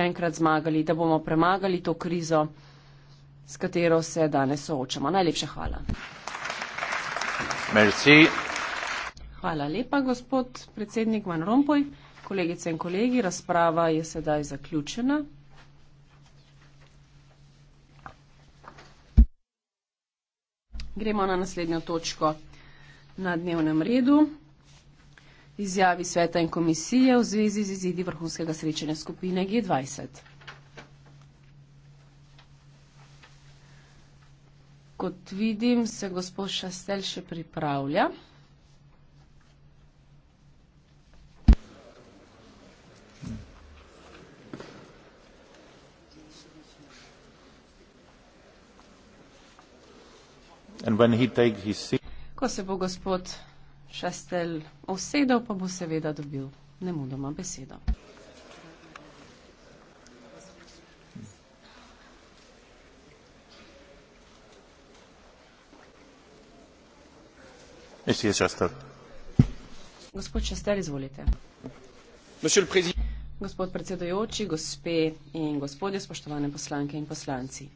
enkrat zmagali, da bomo premagali to krizo, s katero se danes soočamo. Najlepša hvala. Merci. Hvala lepa, gospod predsednik Van Rompuy. Kolegice in kolegi, razprava je sedaj zaključena. Gremo na naslednjo točko na dnevnem redu izjavi sveta in komisije v zvezi z izidi vrhunskega srečanja skupine G20. Kot vidim, se gospod Šastel še pripravlja. Ko se bo gospod Šestelj osedel, pa bo seveda dobil nemudoma besedo. Gospod Šester, izvolite. Gospod predsedojoči, gospe in gospodje, spoštovane poslanke in poslanci.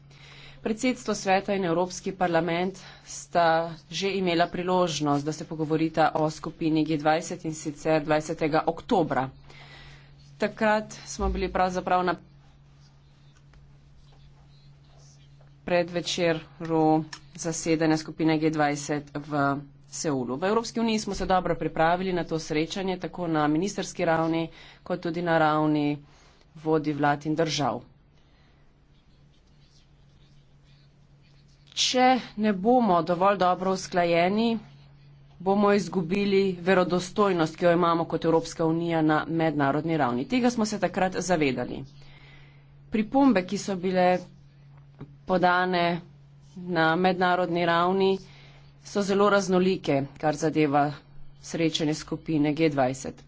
Predsedstvo sveta in Evropski parlament sta že imela priložnost, da se pogovorita o skupini G20 in sicer 20. oktobra. Takrat smo bili pravzaprav na predvečeru zasedanja skupine G20 v Seulu. V Evropski uniji smo se dobro pripravili na to srečanje, tako na ministerski ravni, kot tudi na ravni vodi vlad in držav. če ne bomo dovolj dobro usklajeni, bomo izgubili verodostojnost, ki jo imamo kot Evropska unija na mednarodni ravni. Tega smo se takrat zavedali. Pripombe, ki so bile podane na mednarodni ravni, so zelo raznolike, kar zadeva srečanje skupine G20.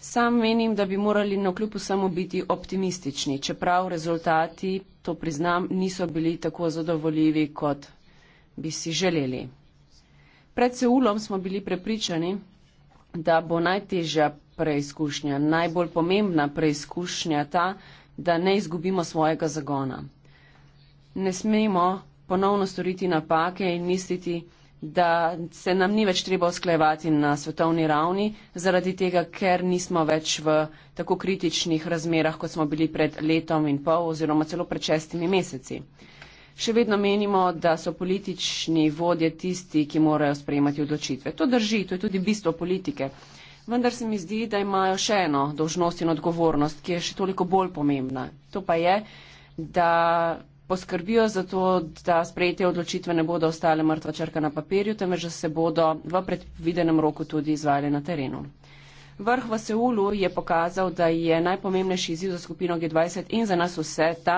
Sam menim, da bi morali na kljub vsemu biti optimistični, čeprav rezultati, to priznam, niso bili tako zadovoljivi, kot bi si želeli. Pred Seulom smo bili prepričani, da bo najtežja preizkušnja, najbolj pomembna preizkušnja ta, da ne izgubimo svojega zagona. Ne smemo ponovno storiti napake in misliti, da se nam ni več treba usklajevati na svetovni ravni, zaradi tega, ker nismo več v tako kritičnih razmerah, kot smo bili pred letom in pol oziroma celo pred šestimi meseci. Še vedno menimo, da so politični vodje tisti, ki morajo sprejemati odločitve. To drži, to je tudi bistvo politike. Vendar se mi zdi, da imajo še eno dožnost in odgovornost, ki je še toliko bolj pomembna. To pa je, da poskrbijo za to, da sprejete odločitve ne bodo ostale mrtva črka na papirju, temveč da se bodo v predvidenem roku tudi izvajale na terenu. Vrh v Seulu je pokazal, da je najpomembnejši izziv za skupino G20 in za nas vse ta,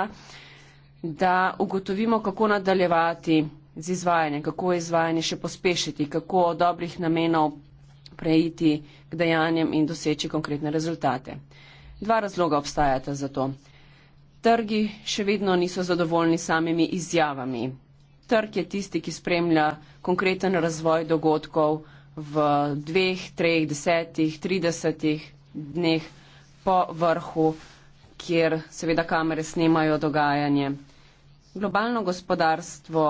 da ugotovimo, kako nadaljevati z izvajanjem, kako izvajanje še pospešiti, kako dobrih namenov preiti k dejanjem in doseči konkretne rezultate. Dva razloga obstajata za to trgi še vedno niso zadovoljni samimi izjavami. Trg je tisti, ki spremlja konkreten razvoj dogodkov v dveh, treh, desetih, tridesetih dneh po vrhu, kjer seveda kamere snemajo dogajanje. Globalno gospodarstvo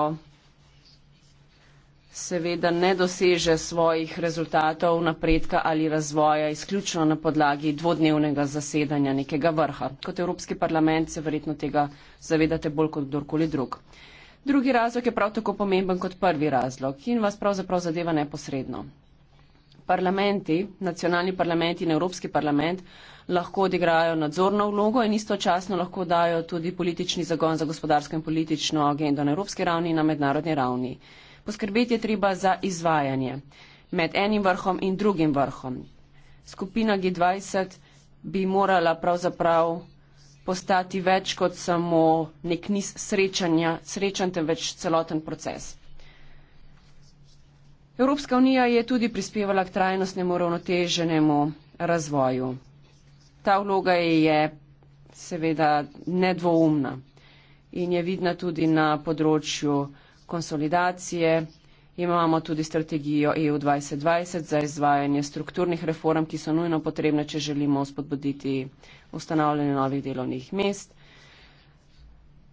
seveda ne doseže svojih rezultatov napredka ali razvoja izključno na podlagi dvodnevnega zasedanja nekega vrha. Kot Evropski parlament se verjetno tega zavedate bolj kot kdorkoli drug. Drugi razlog je prav tako pomemben kot prvi razlog in vas pravzaprav zadeva neposredno. Parlamenti, nacionalni parlamenti in Evropski parlament lahko odigrajo nadzorno vlogo in istočasno lahko dajo tudi politični zagon za gospodarsko in politično agendo na evropski ravni in na mednarodni ravni. Poskrbeti je treba za izvajanje med enim vrhom in drugim vrhom. Skupina G20 bi morala pravzaprav postati več kot samo nek niz srečanja, srečan, temveč celoten proces. Evropska unija je tudi prispevala k trajnostnemu ravnoteženemu razvoju. Ta vloga je seveda nedvoumna in je vidna tudi na področju konsolidacije, imamo tudi strategijo EU 2020 za izvajanje strukturnih reform, ki so nujno potrebne, če želimo spodbuditi ustanavljanje novih delovnih mest.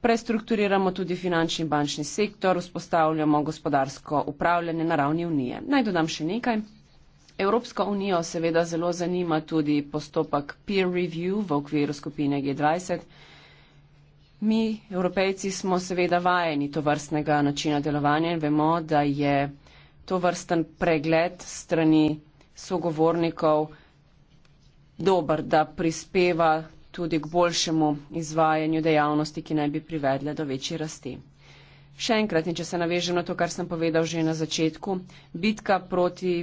Prestrukturiramo tudi finančni in bančni sektor, vzpostavljamo gospodarsko upravljanje na ravni unije. Naj dodam še nekaj. Evropsko unijo seveda zelo zanima tudi postopek peer review v okviru skupine G20. Mi, evropejci, smo seveda vajeni to vrstnega načina delovanja in vemo, da je to vrsten pregled strani sogovornikov dober, da prispeva tudi k boljšemu izvajanju dejavnosti, ki naj bi privedle do večje rasti. Še enkrat, in če se navežem na to, kar sem povedal že na začetku, bitka proti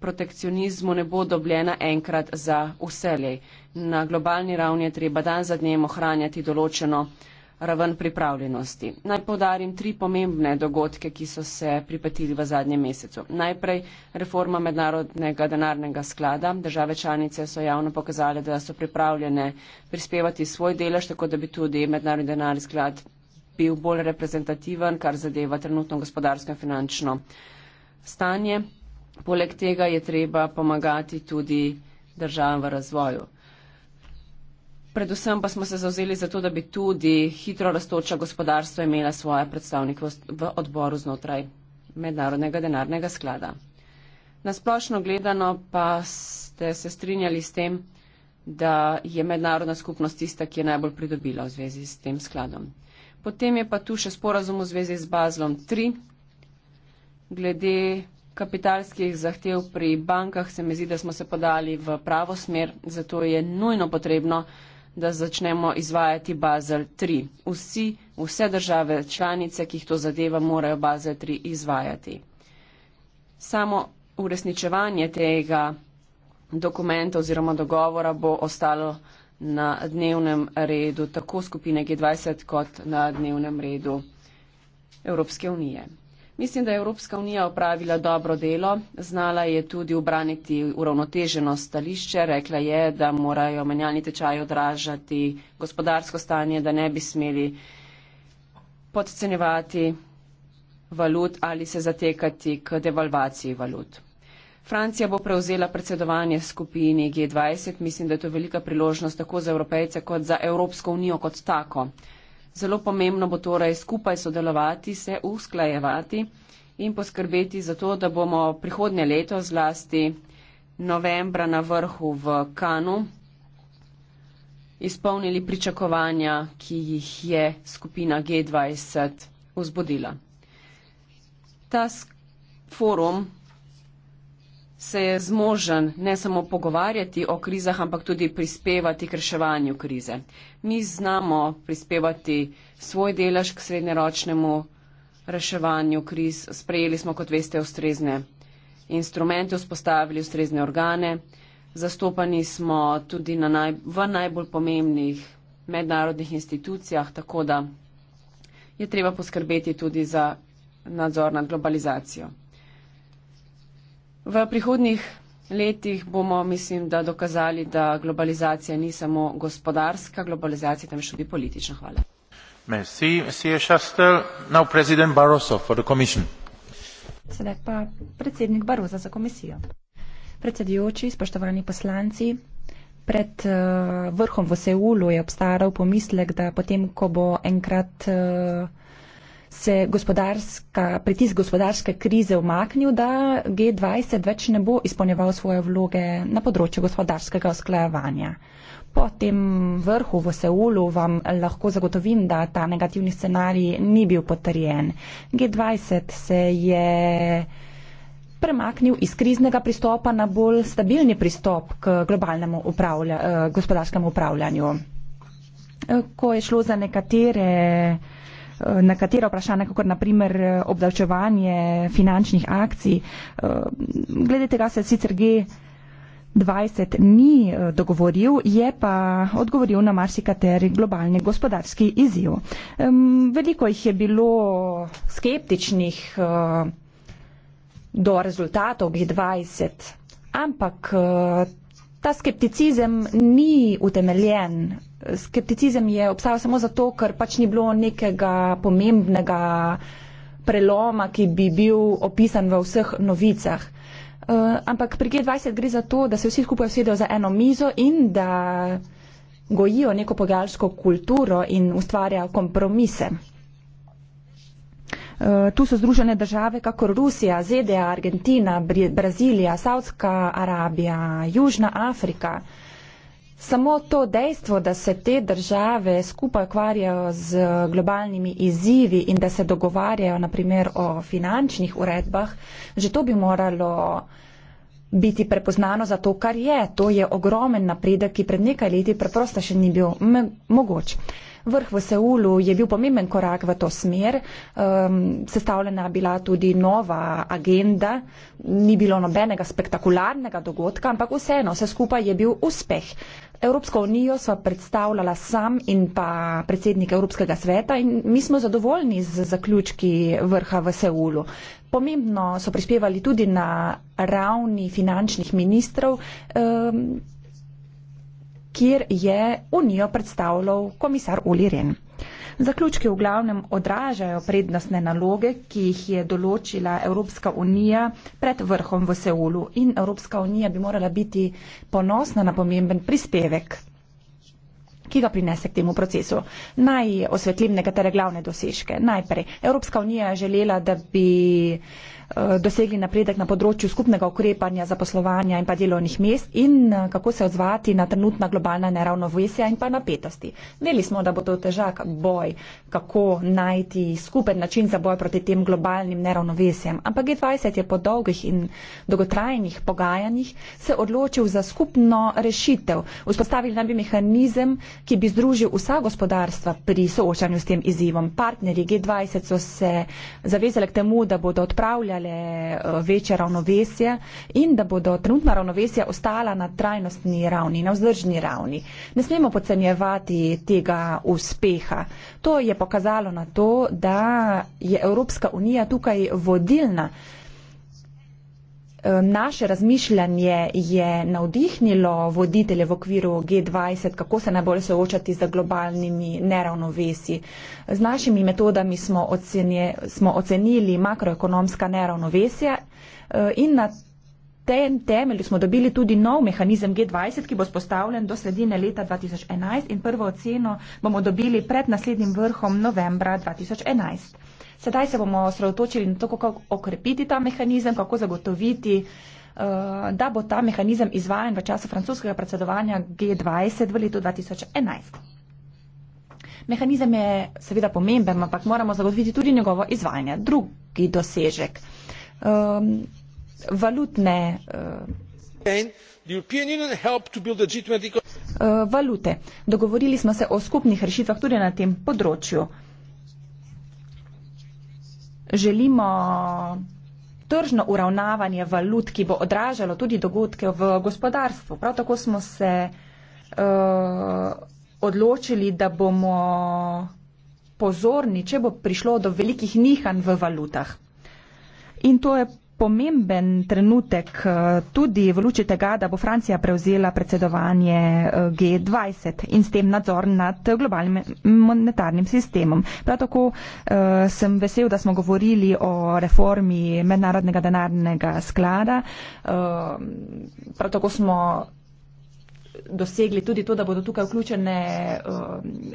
protekcionizmu ne bo dobljena enkrat za vselej. Na globalni ravni je treba dan za dnem ohranjati določeno raven pripravljenosti. Naj podarim tri pomembne dogodke, ki so se pripetili v zadnjem mesecu. Najprej reforma mednarodnega denarnega sklada. Države članice so javno pokazali, da so pripravljene prispevati svoj delež, tako da bi tudi mednarodni denarni sklad bil bolj reprezentativen, kar zadeva trenutno gospodarsko in finančno stanje. Poleg tega je treba pomagati tudi državam v razvoju. Predvsem pa smo se zauzeli za to, da bi tudi hitro raztoča gospodarstva imela svoje predstavnike v odboru znotraj mednarodnega denarnega sklada. Nasplošno gledano pa ste se strinjali s tem, da je mednarodna skupnost tista, ki je najbolj pridobila v zvezi s tem skladom. Potem je pa tu še sporazum v zvezi z Bazlom 3. Glede kapitalskih zahtev pri bankah, se mi zdi, da smo se podali v pravo smer, zato je nujno potrebno, da začnemo izvajati Bazel 3. Vsi, vse države članice, ki jih to zadeva, morajo Bazel 3 izvajati. Samo uresničevanje tega dokumenta oziroma dogovora bo ostalo na dnevnem redu tako skupine G20 kot na dnevnem redu Evropske unije. Mislim, da je Evropska unija opravila dobro delo, znala je tudi obraniti uravnoteženo stališče, rekla je, da morajo menjalni tečaji odražati gospodarsko stanje, da ne bi smeli podcenjevati valut ali se zatekati k devalvaciji valut. Francija bo prevzela predsedovanje skupini G20, mislim, da je to velika priložnost tako za evropejce kot za Evropsko unijo kot tako. Zelo pomembno bo torej skupaj sodelovati, se usklajevati in poskrbeti za to, da bomo prihodnje leto zlasti novembra na vrhu v Kanu izpolnili pričakovanja, ki jih je skupina G20 vzbudila. Ta forum se je zmožen ne samo pogovarjati o krizah, ampak tudi prispevati k reševanju krize. Mi znamo prispevati svoj delež k srednjeročnemu reševanju kriz. Sprejeli smo, kot veste, ustrezne instrumente, vzpostavili ustrezne organe. Zastopani smo tudi na naj, v najbolj pomembnih mednarodnih institucijah, tako da je treba poskrbeti tudi za nadzor nad globalizacijo. V prihodnih letih bomo, mislim, da dokazali, da globalizacija ni samo gospodarska globalizacija, temveč tudi politična. Hvala. Merci, monsieur Chastel. Now President Barroso for the Commission. Sedaj pa predsednik Barroso za komisijo. Predsedujoči, spoštovani poslanci, pred uh, vrhom v Seulu je obstaral pomislek, da potem, ko bo enkrat uh, se gospodarska, pritisk gospodarske krize umaknil, da G20 več ne bo izpolnjeval svoje vloge na področju gospodarskega usklajevanja. Po tem vrhu v Seulu vam lahko zagotovim, da ta negativni scenarij ni bil potrjen. G20 se je premaknil iz kriznega pristopa na bolj stabilni pristop k globalnemu upravlja, eh, gospodarskemu upravljanju. Eh, ko je šlo za nekatere Eh, na katera vprašanja, kot naprimer eh, obdavčevanje finančnih akcij. Eh, glede tega se sicer G20 ni dogovoril, je pa odgovoril na marsikateri globalni gospodarski izziv. Veliko jih je bilo skeptičnih do rezultatov G20, ampak. Ta skepticizem ni utemeljen, skepticizem je obstajal samo zato, ker pač ni bilo nekega pomembnega preloma, ki bi bil opisan v vseh novicah. Eh, ampak pri G20 gre za to, da se vsi skupaj usedejo za eno mizo in da gojijo neko pogajalsko kulturo in ustvarjajo kompromise. Eh, tu so združene države, kakor Rusija, ZDA, Argentina, Brazilija, Saudska Arabija, Južna Afrika. Samo to dejstvo, da se te države skupaj ukvarjajo z globalnimi izzivi in da se dogovarjajo naprimer o finančnih uredbah, že to bi moralo biti prepoznano za to, kar je. To je ogromen napredek, ki pred nekaj leti preprosto še ni bil mogoč. Vrh v Seulu je bil pomemben korak v to smer, um, sestavljena je bila tudi nova agenda, ni bilo nobenega spektakularnega dogodka, ampak vseeno, vse skupaj je bil uspeh. Evropsko unijo sva predstavljala sam in pa predsednik Evropskega sveta in mi smo zadovoljni z zaključki vrha v Seulu. Pomembno so prispevali tudi na ravni finančnih ministrov, kjer je unijo predstavljal komisar Uli Ren. Zaključki v glavnem odražajo prednostne naloge, ki jih je določila Evropska unija pred vrhom v Seulu in Evropska unija bi morala biti ponosna na pomemben prispevek ki ga prinese k temu procesu. Naj osvetlim nekatere glavne dosežke. Najprej, Evropska unija je želela, da bi eh, dosegli napredek na področju skupnega ukrepanja za poslovanja in pa delovnih mest in eh, kako se odzvati na trenutna globalna neravnovesja in pa napetosti. Veli smo, da bo to težak boj, kako najti skupen način za boj proti tem globalnim neravnovesjem. Ampak G20 je po dolgih in dolgotrajnih pogajanjih se odločil za skupno rešitev. Vzpostavili naj bi mehanizem, ki bi združil vsa gospodarstva pri soočanju s tem izzivom. Partnerji G20 so se zavezali k temu, da bodo odpravljale eh, večje ravnovesje in da bodo trenutna ravnovesja ostala na trajnostni ravni, na vzdržni ravni. Ne smemo podcenjevati tega uspeha. To je pokazalo na to, da je Evropska unija tukaj vodilna Naše razmišljanje je navdihnilo voditelje v okviru G20, kako se najbolj soočati z globalnimi neravnovesi. Z našimi metodami smo, ocenje, smo ocenili makroekonomska neravnovesja eh, in na tem temelju smo dobili tudi nov mehanizem G20, ki bo spostavljen do sredine leta 2011 in prvo oceno bomo dobili pred naslednjim vrhom novembra 2011. Sedaj se bomo osredotočili na to, kako okrepiti ta mehanizem, kako zagotoviti, eh, da bo ta mehanizem izvajan v času francoskega predsedovanja G20 v letu 2011. Mehanizem je seveda pomemben, ampak moramo zagotoviti tudi njegovo izvajanje. Drugi dosežek. Um, valutne. Uh, valute. Dogovorili smo se o skupnih rešitvah tudi na tem področju želimo tržno uravnavanje valut, ki bo odražalo tudi dogodke v gospodarstvu. Prav tako smo se uh, odločili, da bomo pozorni, če bo prišlo do velikih nihanj v valutah. In to je pomemben trenutek eh, tudi v luči tega, da bo Francija prevzela predsedovanje eh, G20 in s tem nadzor nad globalnim monetarnim sistemom. Prav tako eh, sem vesel, da smo govorili o reformi mednarodnega denarnega sklada. Prav tako smo dosegli tudi to, da bodo tukaj vključene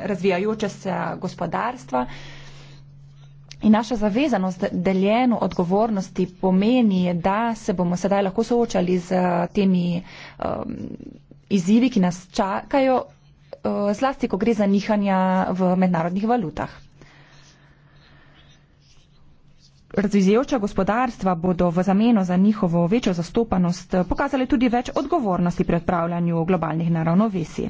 razvijajoče se gospodarstva. In naša zavezanost deljeno odgovornosti pomeni, da se bomo sedaj lahko soočali z eh, temi um, izzivi, ki nas čakajo, uh, zlasti, ko gre za nihanja v mednarodnih valutah. Razvizijoča gospodarstva bodo v zameno za njihovo večjo zastopanost eh, pokazali tudi več odgovornosti pri odpravljanju globalnih naravnovesij.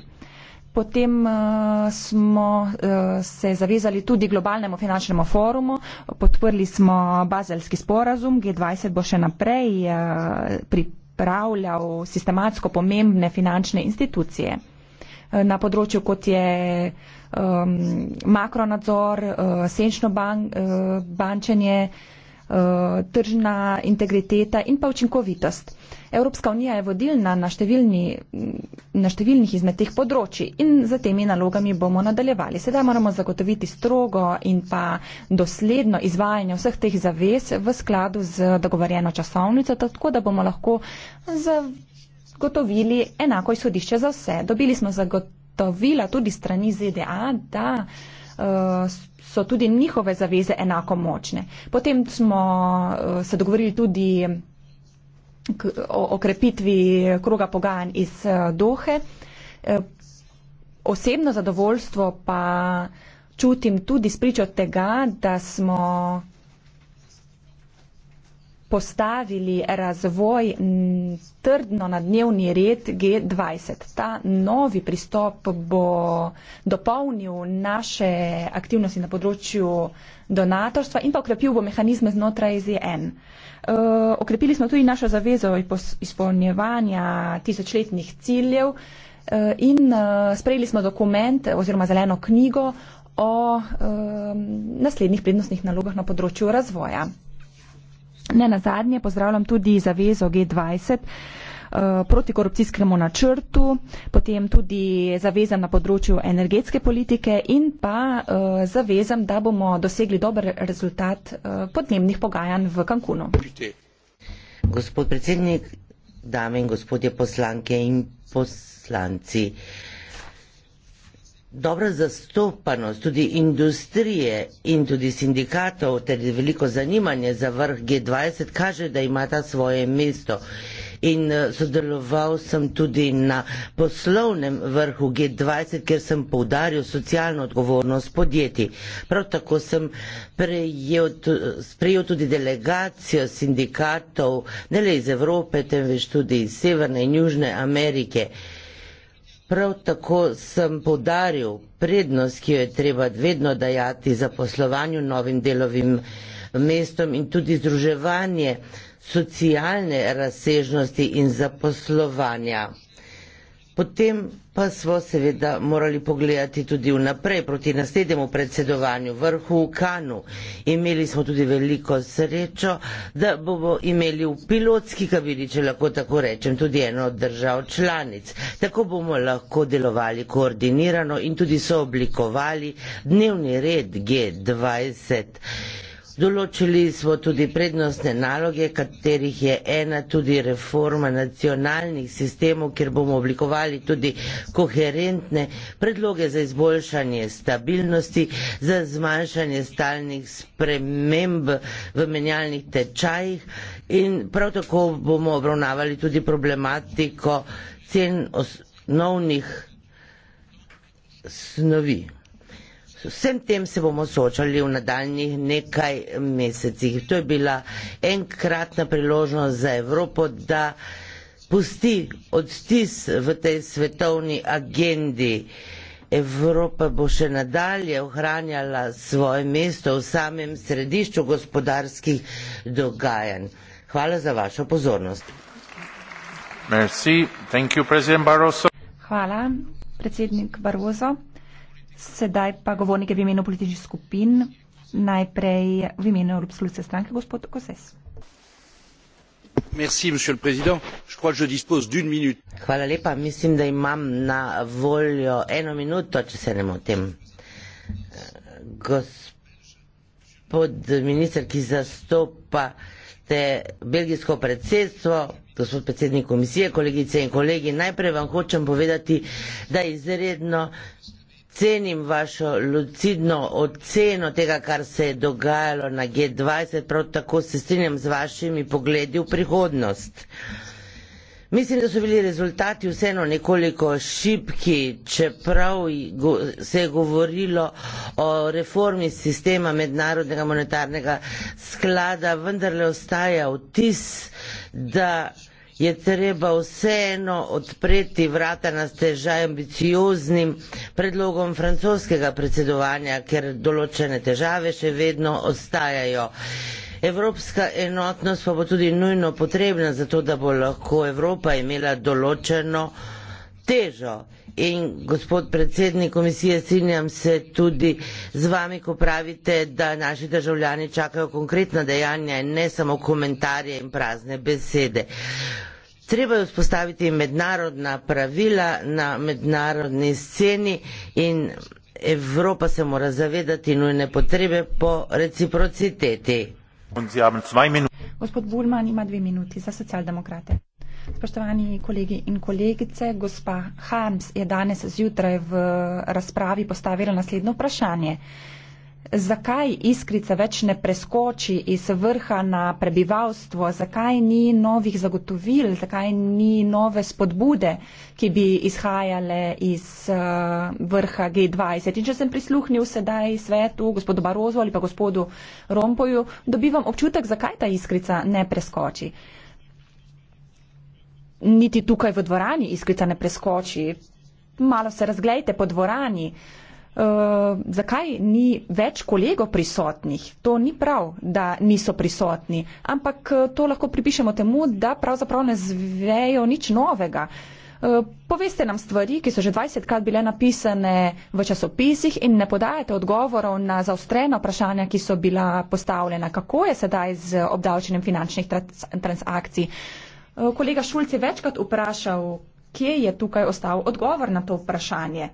Potem uh, smo uh, se zavezali tudi globalnemu finančnemu forumu, podprli smo bazelski sporazum, G20 bo še naprej uh, pripravljal sistematsko pomembne finančne institucije na področju, kot je um, makronadzor, uh, senčno ban, uh, bančenje, uh, tržna integriteta in pa učinkovitost. Uh, Evropska unija je vodilna na, številni, na številnih izmed teh področji in za temi nalogami bomo nadaljevali. Sedaj moramo zagotoviti strogo in pa dosledno izvajanje vseh teh zavez v skladu z dogovorjeno časovnico, tako da bomo lahko zagotovili enako izhodišče za vse. Dobili smo zagotovila tudi strani ZDA, da. Uh, so tudi njihove zaveze enako močne. Potem smo eh, se dogovorili tudi k, o okrepitvi kroga pogajanj iz eh, Dohe. Eh, osebno zadovoljstvo pa čutim tudi spričo tega, da smo postavili razvoj trdno na dnevni red G20. Ta novi pristop bo dopolnil naše aktivnosti na področju donatorstva in pa okrepil bo mehanizme znotraj ZN. E, okrepili smo tudi našo zavezo izpolnjevanja tisočletnih ciljev e, in e, sprejeli smo dokument oziroma zeleno knjigo o naslednjih prednostnih nalogah na področju razvoja. Ne na zadnje pozdravljam tudi zavezo G20 eh, protikorupcijskemu načrtu, potem tudi zavezam na področju energetske politike in pa eh, zavezam, da bomo dosegli dober rezultat eh, podnebnih pogajanj v Cancunu. Gospod predsednik, dame in gospodje poslanke in poslanci dobra zastopanost tudi industrije in tudi sindikatov ter veliko zanimanje za vrh G20 kaže, da ima ta svoje mesto. In eh, sodeloval sem tudi na poslovnem vrhu G20, kjer sem poudaril socialno odgovornost podjetij. Prav tako sem prejel, sprejel tudi delegacijo sindikatov, ne le iz Evrope, temveč tudi iz Severne in Južne Amerike. Prav tako sem podaril prednost, ki jo je treba vedno dajati za poslovanju novim delovim mestom in tudi združevanje socialne razsežnosti in zaposlovanja. Potem pa smo seveda morali pogledati tudi vnaprej proti naslednjemu predsedovanju vrhu v Kanu. Imeli smo tudi veliko srečo, da bomo imeli v pilotski kabini, če lahko tako rečem, tudi eno od držav članic. Tako bomo lahko delovali koordinirano in tudi sooblikovali dnevni red G20. Določili smo tudi prednostne naloge, katerih je ena tudi reforma nacionalnih sistemov, kjer bomo oblikovali tudi koherentne predloge za izboljšanje stabilnosti, za zmanjšanje stalnih sprememb v menjalnih tečajih in prav tako bomo obravnavali tudi problematiko cen osnovnih snovi. Vsem tem se bomo soočali v nadaljnih nekaj mesecih. To je bila enkratna priložnost za Evropo, da pusti odtis v tej svetovni agendi. Evropa bo še nadalje ohranjala svoje mesto v samem središču gospodarskih dogajanj. Hvala za vašo pozornost. Hvala, predsednik Barozo. Sedaj pa govornike v imenu političnih skupin, najprej v imenu Evropske stranke, gospod Koses. Merci, Je crois que je dispose d'une minute. Hvala lepa, mislim, da imam na voljo eno minuto, če se ne motim. Gospod minister, ki zastopa te belgijsko predsedstvo, gospod predsednik komisije, kolegice in kolegi, najprej vam hočem povedati, da izredno Cenim vašo lucidno oceno tega, kar se je dogajalo na G20, prav tako se strinjam z vašimi pogledi v prihodnost. Mislim, da so bili rezultati vseeno nekoliko šipki, čeprav se je govorilo o reformi sistema mednarodnega monetarnega sklada, vendarle ostaja vtis, da je treba vseeno odpreti vrata na stežaj ambicioznim predlogom francoskega predsedovanja, ker določene težave še vedno ostajajo. Evropska enotnost pa bo tudi nujno potrebna za to, da bo lahko Evropa imela določeno težo. In gospod predsednik komisije, sinjam se tudi z vami, ko pravite, da naši državljani čakajo konkretna dejanja in ne samo komentarje in prazne besede treba je vzpostaviti mednarodna pravila na mednarodni sceni in Evropa se mora zavedati nujne potrebe po reciprociteti. Gospod Bulman ima dve minuti za socialdemokrate. Spoštovani kolegi in kolegice, gospa Harms je danes zjutraj v razpravi postavila naslednjo vprašanje zakaj iskrica več ne preskoči iz vrha na prebivalstvo, zakaj ni novih zagotovil, zakaj ni nove spodbude, ki bi izhajale iz eh, vrha G20. In če sem prisluhnil sedaj svetu, gospodu Barozu ali pa gospodu Rompoju, dobivam občutek, zakaj ta iskrica ne preskoči. Niti tukaj v dvorani iskrica ne preskoči. Malo se razglejte po dvorani. Uh, uh, zakaj ni več kolegov prisotnih. To ni prav, da niso prisotni, ampak eh, to lahko pripišemo temu, da pravzaprav ne zvejo nič novega. Eh, poveste nam stvari, ki so že 20 krat bile napisane v časopisih in ne podajate odgovorov na zaostrena vprašanja, ki so bila postavljena. Kako je sedaj z obdavčenjem finančnih transakcij? Kolega Šulc je večkrat vprašal, kje je tukaj ostal odgovor na to vprašanje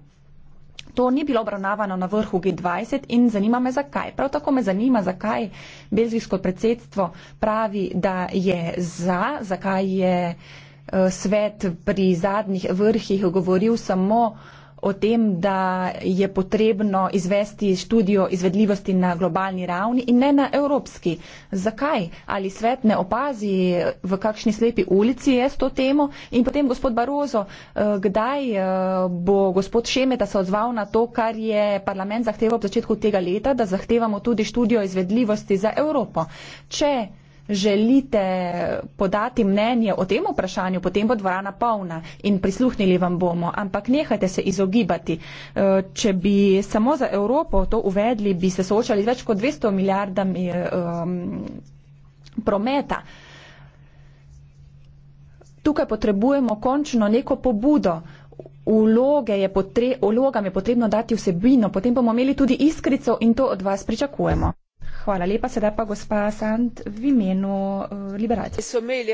to ni bilo obravnavano na vrhu G20 in zanima me zakaj. Prav tako me zanima, zakaj belgijsko predsedstvo pravi, da je za, zakaj je eh, svet pri zadnjih vrhih govoril samo uh, o tem, da je potrebno izvesti študijo izvedljivosti na globalni ravni in ne na evropski. Zakaj? Ali svet ne opazi, v kakšni slepi ulici je s to temo? In potem, gospod Barozo, eh, kdaj eh, bo gospod Šemeta se odzval na to, kar je parlament zahteval ob začetku tega leta, da zahtevamo tudi študijo izvedljivosti za Evropo? Če želite podati mnenje o tem vprašanju, potem bo dvorana polna in prisluhnili vam bomo. Ampak nehajte se izogibati. E, če bi samo za Evropo to uvedli, bi se soočali z več kot 200 milijardami um, prometa. Tukaj potrebujemo končno neko pobudo. Je potre, ulogam je potrebno dati vsebino, potem bomo imeli tudi iskrico in to od vas pričakujemo. Hvala lepa, sedaj pa gospa Sand v imenu uh, eh, liberacije.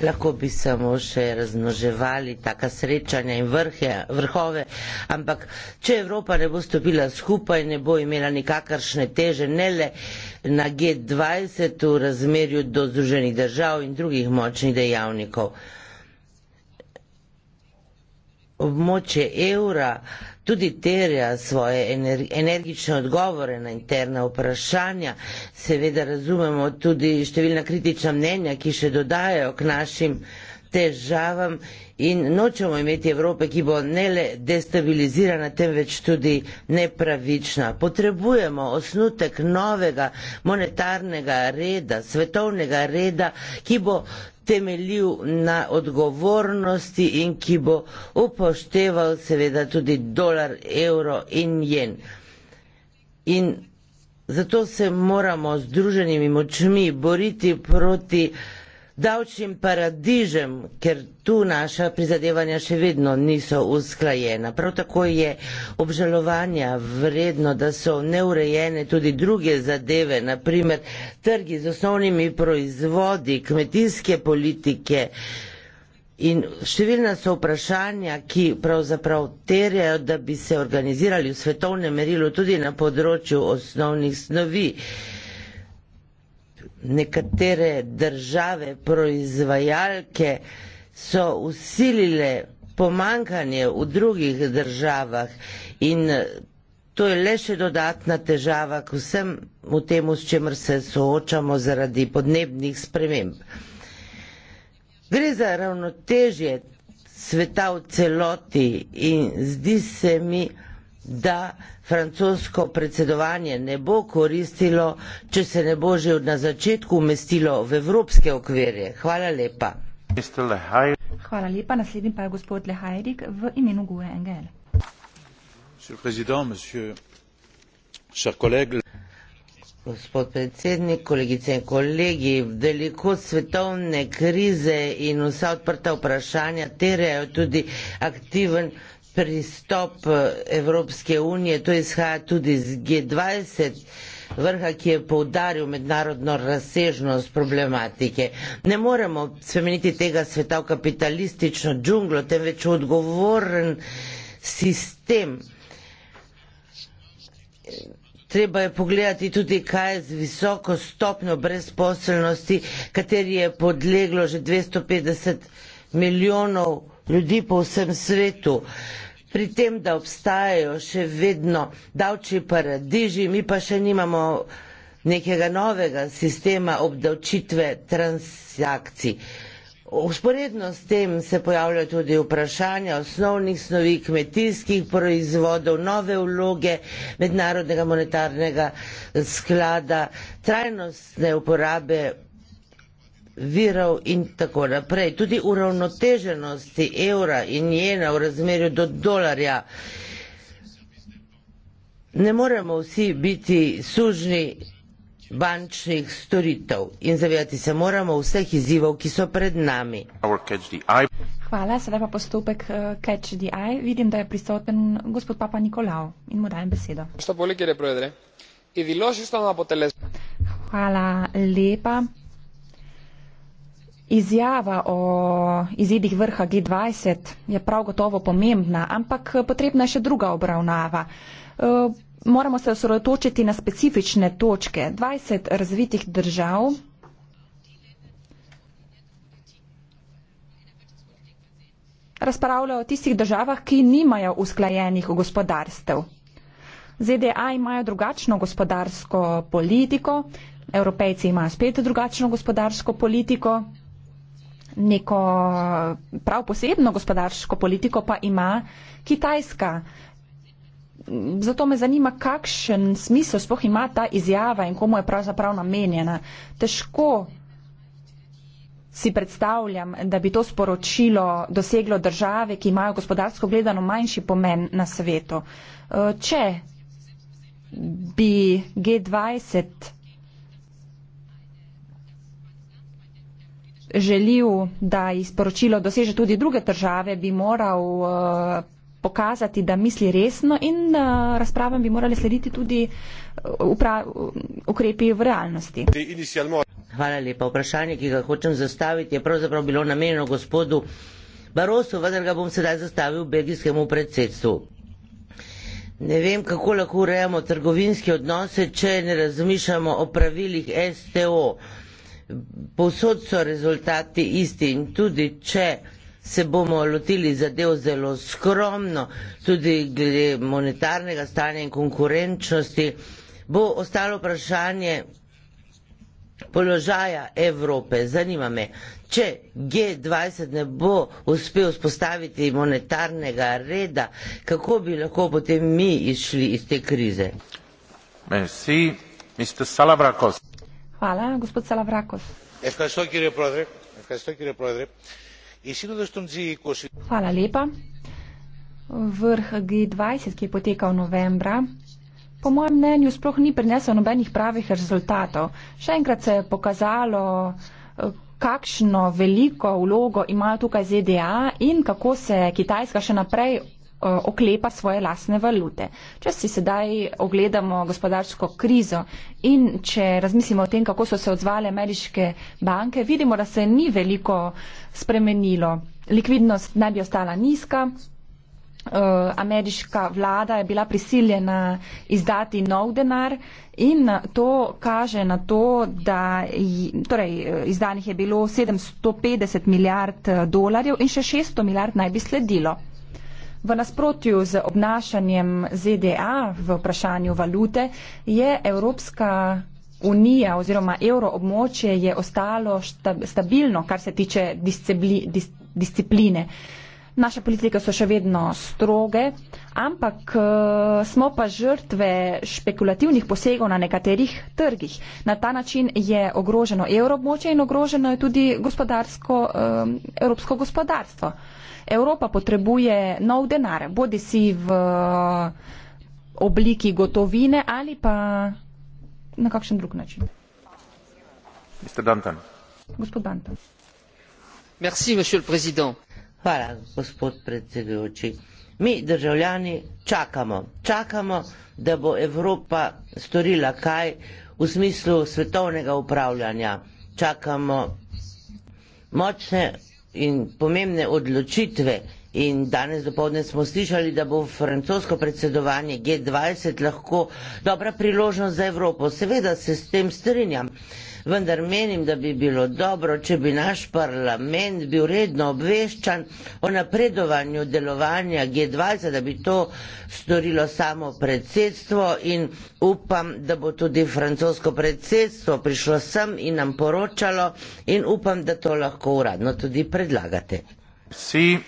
Lahko bi samo še raznoževali taka srečanja in vrhe, vrhove, ampak če Evropa ne bo stopila skupaj, ne bo imela nikakršne teže, ne le na G20 v razmerju do Združenih držav in drugih močnih dejavnikov območje evra tudi terja svoje energične odgovore na interna vprašanja. Seveda razumemo tudi številna kritična mnenja, ki še dodajajo k našim težavam in nočemo imeti Evrope, ki bo ne le destabilizirana, temveč tudi nepravična. Potrebujemo osnutek novega monetarnega reda, svetovnega reda, ki bo temeljil na odgovornosti in ki bo upošteval seveda tudi dolar, evro in jen. In zato se moramo združenimi močmi boriti proti davčnim paradižem, ker tu naša prizadevanja še vedno niso usklajena. Prav tako je obžalovanja vredno, da so neurejene tudi druge zadeve, naprimer trgi z osnovnimi proizvodi, kmetijske politike. In številna so vprašanja, ki pravzaprav terjajo, da bi se organizirali v svetovnem merilu tudi na področju osnovnih snovi nekatere države proizvajalke so usilile pomankanje v drugih državah in to je le še dodatna težava k vsemu temu, s čemer se soočamo zaradi podnebnih sprememb. Gre za ravnotežje sveta v celoti in zdi se mi, da da francosko predsedovanje ne bo koristilo, če se ne bo že na začetku umestilo v evropske okvirje. Hvala lepa. Hvala lepa. Naslednji pa je gospod Lehajrik v imenu e Gue NGL. Gospod predsednik, kolegice in kolegi, veliko svetovne krize in vsa odprta vprašanja terjajo tudi aktiven pristop eh, Evropske unije, to izhaja tudi iz G20 vrha, ki je poudaril mednarodno razsežnost problematike. Ne moremo spremeniti tega sveta v kapitalistično džunglo, temveč v odgovoren sistem. Treba je pogledati tudi, kaj je z visoko stopnjo brezposelnosti, kateri je podleglo že 250 milijonov ljudi po vsem svetu pri tem, da obstajajo še vedno davčni paradiži, mi pa še nimamo nekega novega sistema obdavčitve transakcij. Usporedno s tem se pojavljajo tudi vprašanja osnovnih snovi kmetijskih proizvodov, nove vloge mednarodnega monetarnega sklada, trajnostne uporabe virov in tako naprej. Tudi uravnoteženosti evra in jena v razmerju do dolarja. Ne moremo vsi biti sužni bančnih storitev in zavedati se moramo vseh izzivov, ki so pred nami. Hvala, sedaj pa postopek uh, Catch the Eye. Vidim, da je prisoten gospod Papa Nikolao in mu dajem besedo. Hvala lepa. Izjava o izidih vrha G20 je prav gotovo pomembna, ampak eh, potrebna je še druga obravnava. Eh, moramo se osredotočiti na specifične točke. 20 razvitih držav razpravlja o tistih državah, ki nimajo usklajenih gospodarstev. ZDA imajo drugačno gospodarsko politiko, evropejci imajo spet drugačno gospodarsko politiko neko prav posebno gospodarsko politiko pa ima Kitajska. Zato me zanima, kakšen smisel spoh ima ta izjava in komu je pravzaprav namenjena. Težko si predstavljam, da bi to sporočilo doseglo države, ki imajo gospodarsko gledano manjši pomen na svetu. Če bi G20 želil, da izporočilo doseže tudi druge države, bi moral uh, pokazati, da misli resno in uh, razpravam bi morali slediti tudi eh, ukrepi v realnosti. Hvala lepa. Vprašanje, ki ga hočem zastaviti, je pravzaprav bilo namenjeno gospodu Barosu, vendar ga bom sedaj zastavil belgijskemu predsedstvu. Ne vem, kako lahko urejamo trgovinske odnose, če ne razmišljamo o pravilih STO posod so rezultati isti in tudi če se bomo lotili zadev zelo skromno, tudi glede monetarnega stanja in konkurenčnosti, bo ostalo vprašanje položaja Evrope. Zanima me, če G20 ne bo uspel spostaviti monetarnega reda, kako bi lahko potem mi izšli iz te krize? Merci. Mr. Salavrakos. Vrh G dvajset, ki je potekal novembra, po mojem mnenju sploh ni prinesel nobenih pravih rezultatov. Še enkrat se je pokazalo, kakšno veliko vlogo imajo tukaj ZDA in kako se Kitajska še naprej Eh, oklepa svoje lasne valute. Če si sedaj ogledamo gospodarsko krizo in če razmislimo o tem, kako so se odzvale ameriške banke, vidimo, da se ni veliko spremenilo. Likvidnost naj bi ostala nizka. Eh, ameriška vlada je bila prisiljena izdati nov denar in to kaže na to, da torej, eh, izdanih je bilo 750 milijard dolarjev in še 600 milijard naj bi sledilo. V nasprotju z obnašanjem ZDA v vprašanju valute je Evropska unija oziroma evroobmočje je ostalo stabilno, kar se tiče discipline. Naše politike so še vedno stroge, ampak smo pa žrtve špekulativnih posegov na nekaterih trgih. Na ta način je ogroženo evroobmočje in ogroženo je tudi gospodarsko, ehm, evropsko gospodarstvo. Evropa potrebuje nov denar, bodi si v eh, obliki gotovine ali pa na kakšen drug način. Mr. Danton. Gospod Danton. Merci, monsieur le président. Hvala, gospod predsedujoči. Mi državljani čakamo, čakamo, da bo Evropa storila kaj v smislu svetovnega upravljanja. Čakamo močne in pomembne odločitve. In danes dopoledne smo slišali, da bo francosko predsedovanje G20 lahko dobra priložnost za Evropo. Seveda se s tem strinjam vendar menim, da bi bilo dobro, če bi naš parlament bil redno obveščan o napredovanju delovanja G20, da bi to storilo samo predsedstvo in upam, da bo tudi francosko predsedstvo prišlo sem in nam poročalo in upam, da to lahko uradno tudi predlagate. Si.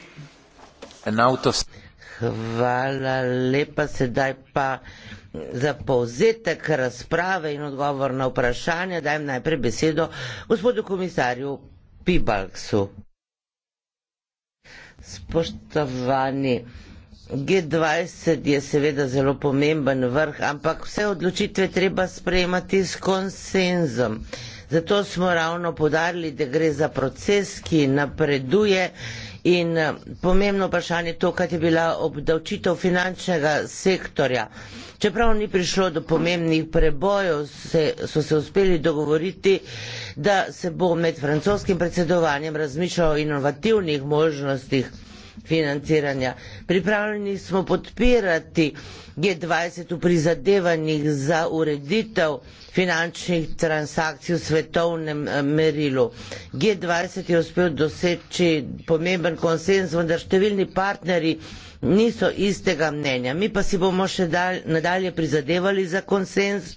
Hvala lepa, sedaj pa. Za povzetek razprave in odgovor na vprašanje dajem najprej besedo gospodu komisarju Pibalksu. Spoštovani, G20 je seveda zelo pomemben vrh, ampak vse odločitve treba sprejemati s konsenzom. Zato smo ravno podarili, da gre za proces, ki napreduje In eh, pomembno vprašanje je to, kaj je bila obdavčitev finančnega sektorja. Čeprav ni prišlo do pomembnih prebojov, se, so se uspeli dogovoriti, da se bo med francoskim predsedovanjem razmišljalo o inovativnih možnostih financiranja. Pripravljeni smo podpirati G20 v prizadevanjih za ureditev finančnih transakcij v svetovnem eh, merilu. G20 je uspel doseči pomemben konsens, vendar številni partnerji niso istega mnenja. Mi pa si bomo še dal, nadalje prizadevali za konsens.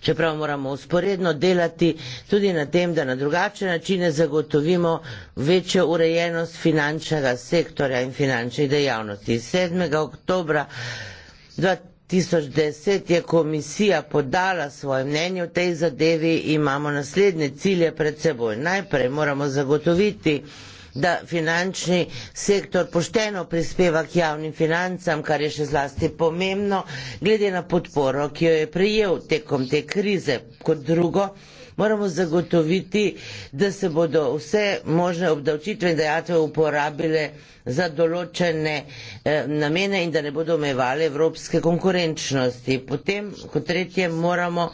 Čeprav moramo usporedno delati tudi na tem, da na drugačne načine zagotovimo večjo urejenost finančnega sektorja in finančnih dejavnosti. 7. oktober 2010 je komisija podala svoje mnenje v tej zadevi in imamo naslednje cilje pred seboj. Najprej moramo zagotoviti da finančni sektor pošteno prispeva k javnim financam, kar je še zlasti pomembno, glede na podporo, ki jo je prijel tekom te krize. Kot drugo, moramo zagotoviti, da se bodo vse možne obdavčitve in dejatve uporabile za določene eh, namene in da ne bodo omejevali evropske konkurenčnosti. Potem, kot tretje, moramo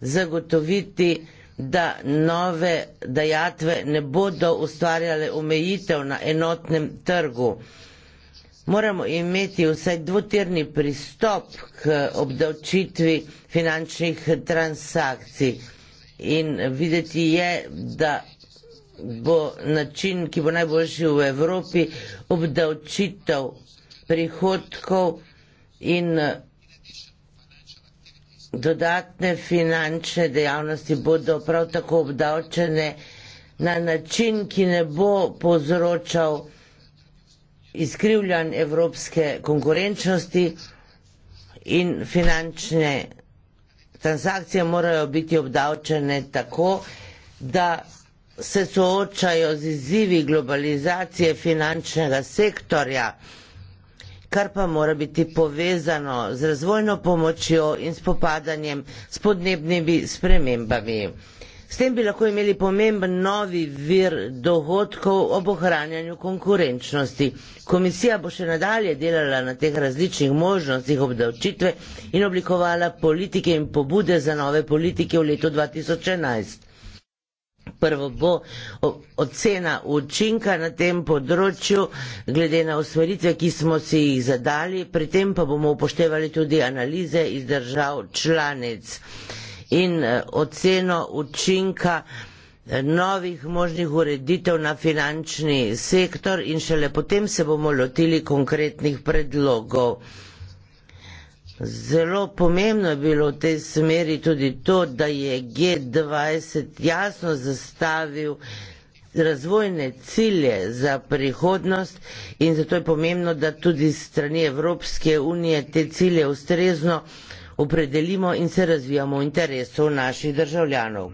zagotoviti, da nove dajatve ne bodo ustvarjale omejitev na enotnem trgu. Moramo imeti vsaj dvotirni pristop k obdavčitvi finančnih transakcij in videti je, da bo način, ki bo najboljši v Evropi, obdavčitev prihodkov in dodatne finančne dejavnosti bodo prav tako obdavčene na način, ki ne bo povzročal izkrivljanj evropske konkurenčnosti in finančne transakcije morajo biti obdavčene tako, da se soočajo z izzivi globalizacije finančnega sektorja kar pa mora biti povezano z razvojno pomočjo in spopadanjem s podnebnimi spremembami. S tem bi lahko imeli pomemben novi vir dohodkov ob ohranjanju konkurenčnosti. Komisija bo še nadalje delala na teh različnih možnostih obdavčitve in oblikovala politike in pobude za nove politike v letu 2011. Prvo bo ocena učinka na tem področju, glede na usmeritve, ki smo si jih zadali, pri tem pa bomo upoštevali tudi analize iz držav članic in e, oceno učinka e, novih možnih ureditev na finančni sektor in šele potem se bomo lotili konkretnih predlogov. Zelo pomembno je bilo v tej smeri tudi to, da je G20 jasno zastavil razvojne cilje za prihodnost in zato je pomembno, da tudi strani Evropske unije te cilje ustrezno opredelimo in se razvijamo v interesu naših državljanov.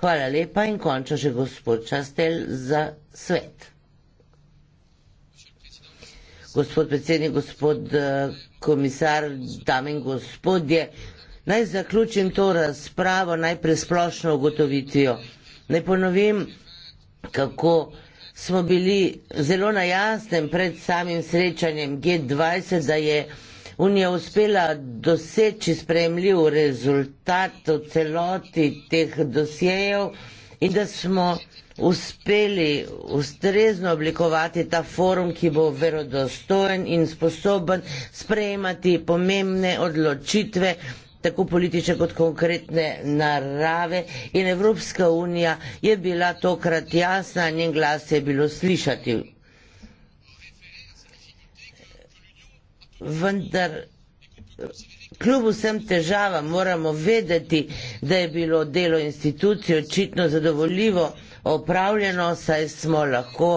Hvala lepa in konča še gospod Častel za svet gospod predsednik, gospod eh, komisar, dame in gospodje. Naj zaključim to razpravo najprej splošno ugotovitvijo. Naj ponovim, kako smo bili zelo na jasnem pred samim srečanjem G20, da je Unija uspela doseči sprejemljiv rezultat v celoti teh dosjejev in da smo uspeli ustrezno oblikovati ta forum, ki bo verodostojen in sposoben sprejemati pomembne odločitve, tako politične kot konkretne narave. In Evropska unija je bila tokrat jasna, njen glas je bilo slišati. Vendar kljub vsem težavam moramo vedeti, da je bilo delo institucije očitno zadovoljivo opravljeno, saj smo lahko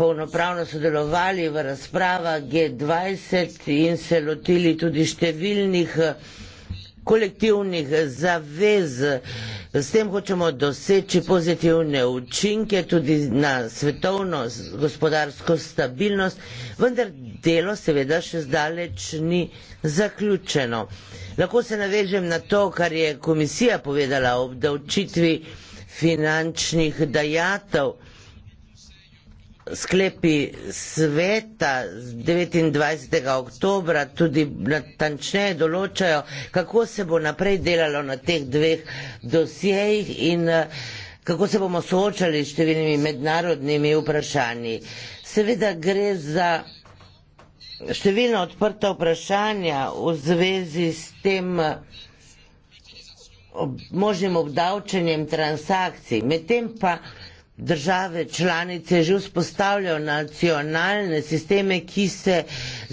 polnopravno sodelovali v razpravah G20 in se lotili tudi številnih eh, kolektivnih zavez. S tem hočemo doseči pozitivne učinke tudi na svetovno gospodarsko stabilnost, vendar delo seveda še zdaleč ni zaključeno. Lahko se navežem na to, kar je komisija povedala o obdavčitvi finančnih dajatev. Sklepi sveta 29. oktobra tudi natančneje določajo, kako se bo naprej delalo na teh dveh dosjejih in eh, kako se bomo soočali s številnimi mednarodnimi vprašanji. Seveda gre za številno odprta vprašanja v zvezi s tem, ob, možnim obdavčenjem transakcij. Medtem pa države članice že vzpostavljajo nacionalne sisteme, ki se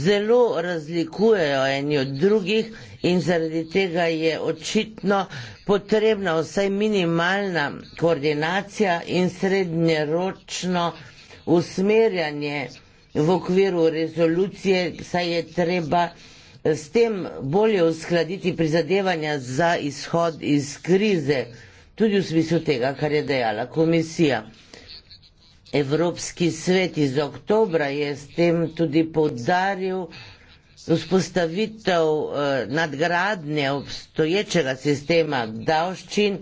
zelo razlikujejo eni od drugih in zaradi tega je očitno potrebna vsaj minimalna koordinacija in srednjeročno usmerjanje v okviru rezolucije, saj je treba s tem bolje uskladiti prizadevanja za izhod iz krize, tudi v smislu tega, kar je dejala komisija. Evropski svet iz oktobra je s tem tudi povdaril vzpostavitev eh, nadgradnje obstoječega sistema davščin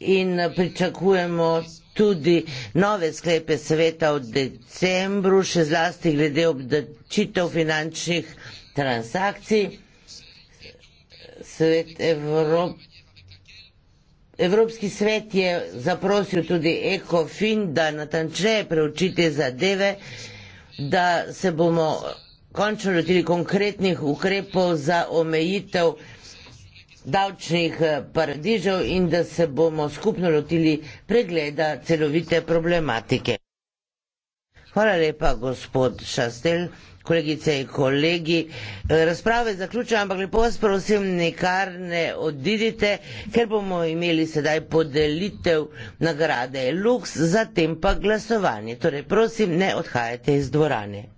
in pričakujemo tudi nove sklepe sveta v decembru, še zlasti glede obdačitev finančnih transakcij. Svet Evrop... Evropski svet je zaprosil tudi ECOFIN, da natančneje preučite zadeve, da se bomo končno lotili konkretnih ukrepov za omejitev davčnih eh, paradižev in da se bomo skupno lotili pregleda celovite problematike. Hvala lepa, gospod Šastel kolegice in kolegi. Eh, razprave zaključujem, ampak lepo vas prosim, nekar ne odidite, ker bomo imeli sedaj podelitev nagrade Lux, zatem pa glasovanje. Torej, prosim, ne odhajajte iz dvorane.